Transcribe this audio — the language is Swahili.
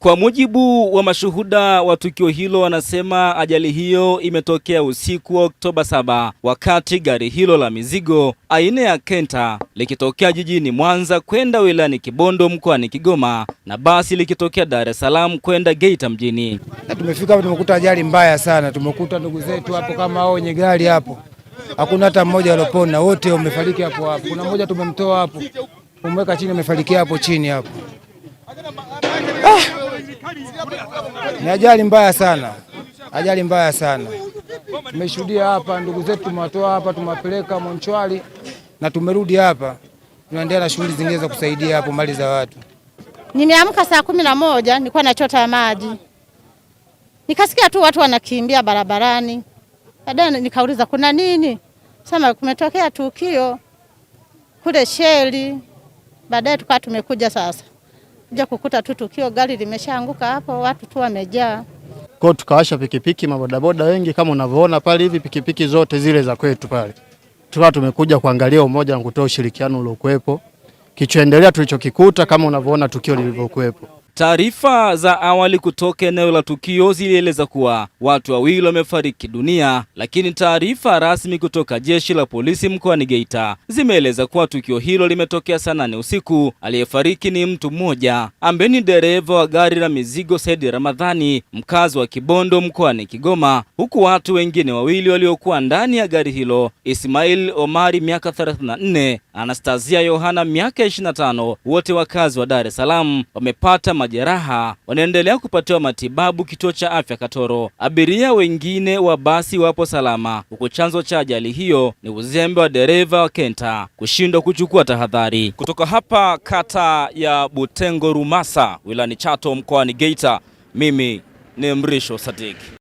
Kwa mujibu wa mashuhuda wa tukio hilo, wanasema ajali hiyo imetokea usiku wa Oktoba 7 wakati gari hilo la mizigo aina ya Kenta likitokea jijini Mwanza kwenda wilayani Kibondo mkoani Kigoma na basi likitokea Dar es Salaam kwenda Geita mjini. Na tumefika hapo tumekuta ajali mbaya sana, tumekuta ndugu zetu hapo kama hao wenye gari hapo, hakuna hata mmoja alopona, wote wamefariki hapo hapo. Kuna mmoja tumemtoa hapo, umeweka chini, amefariki hapo chini hapo. Ni ajali mbaya sana, ajali mbaya sana tumeshuhudia hapa. Ndugu zetu tumewatoa hapa, tumewapeleka Monchwali na tumerudi hapa, tunaendelea na shughuli zingine za kusaidia hapo mali za watu. Nimeamka saa kumi na moja nilikuwa nachota maji, nikasikia tu watu wanakimbia barabarani. Baadaye nikauliza kuna nini, sema kumetokea tukio kule Sheli. Baadaye tukawa tumekuja sasa kuja kukuta tu tukio, gari limeshaanguka hapo, watu tu wamejaa kwao. Tukawasha pikipiki, mabodaboda wengi kama unavyoona pale hivi, pikipiki zote zile za kwetu pale. Tukawa tumekuja kuangalia umoja na kutoa ushirikiano uliokuwepo, kichoendelea tulichokikuta kama unavyoona tukio lilivyokuwepo. Taarifa za awali kutoka eneo la tukio zilieleza kuwa watu wawili wamefariki dunia, lakini taarifa rasmi kutoka jeshi la polisi mkoani Geita zimeeleza kuwa tukio hilo limetokea saa nane usiku. Aliyefariki ni mtu mmoja ambaye ni dereva wa gari la mizigo Saidi Ramadhani, mkazi wa Kibondo mkoani Kigoma, huku watu wengine wawili waliokuwa ndani ya gari hilo, Ismail Omari miaka 34, Anastasia Yohana miaka 25, wote wakazi wa Dar es Salaam wamepata majeraha wanaendelea kupatiwa matibabu kituo cha afya Katoro. Abiria wengine wa basi wapo salama, huku chanzo cha ajali hiyo ni uzembe wa dereva wa Kenta kushindwa kuchukua tahadhari. Kutoka hapa kata ya Butengo Rumasa, wilani Chato, mkoani Geita, mimi ni Mrisho Sadiki.